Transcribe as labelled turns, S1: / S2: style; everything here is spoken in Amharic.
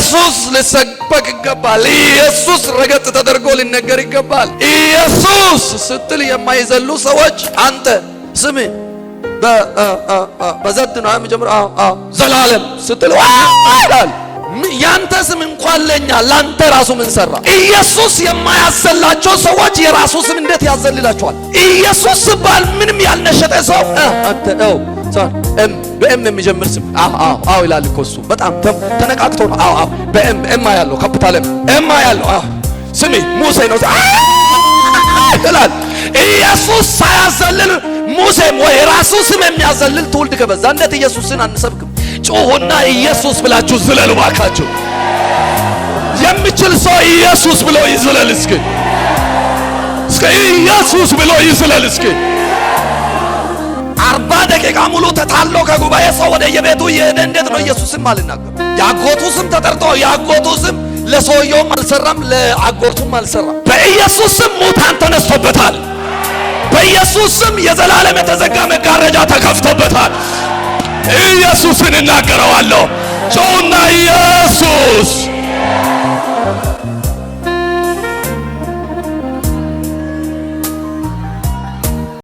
S1: ኢየሱስ ሊሰበክ ይገባል። ኢየሱስ ረገጥ ተደርጎ ሊነገር ይገባል። ኢየሱስ ስትል የማይዘሉ ሰዎች አንተ ስም በዘድ ነው የምጀምረው ዘላለም ስትል ይላል ያንተ ስም እንኳን ለኛ ላንተ ራሱ ምን ሰራ? ኢየሱስ የማያሰላቸው ሰዎች የራሱ ስም እንዴት ያዘልላቸዋል? ኢየሱስ ሲባል ምንም ያልነሸጠ ሰው አንተ ነው እም በእም የሚጀምር ስም አዎ አዎ አዎ ይላል እኮ እሱ በጣም ተነቃቅቶ ነው። አዎ አዎ በእም እማ ያለው ካፒታል እም እማ ያለው አዎ ስሜ ሙሴ ነው ይላል ኢየሱስ ሳያዘልል ሙሴም ወይ ራሱ ስም የሚያዘልል ትውልድ ከበዛ እንዴት ኢየሱስን አንሰብክም? ጮሆና ኢየሱስ ብላችሁ ዝለሉ ባካችሁ። የሚችል ሰው ኢየሱስ ብሎ ይዝለል እስኪ እስኪ ኢየሱስ ብሎ ይዝለል እስኪ። አርባ ደቂቃ ሙሉ ተታሎ ከጉባኤ ሰው ወደ የቤቱ እየሄደ እንዴት ነው ኢየሱስም አልናገር? የአጎቱ ስም ተጠርቶ የአጎቱ ስም ለሰውየውም አልሰራም፣ ለአጎቱም አልሰራም። በኢየሱስ ስም ሙታን ተነስቶበታል። በኢየሱስ ስም የዘላለም የተዘጋ መጋረጃ ተከፍቶበታል። ኢየሱስን እናገረዋለሁ ሰውና ኢየሱስ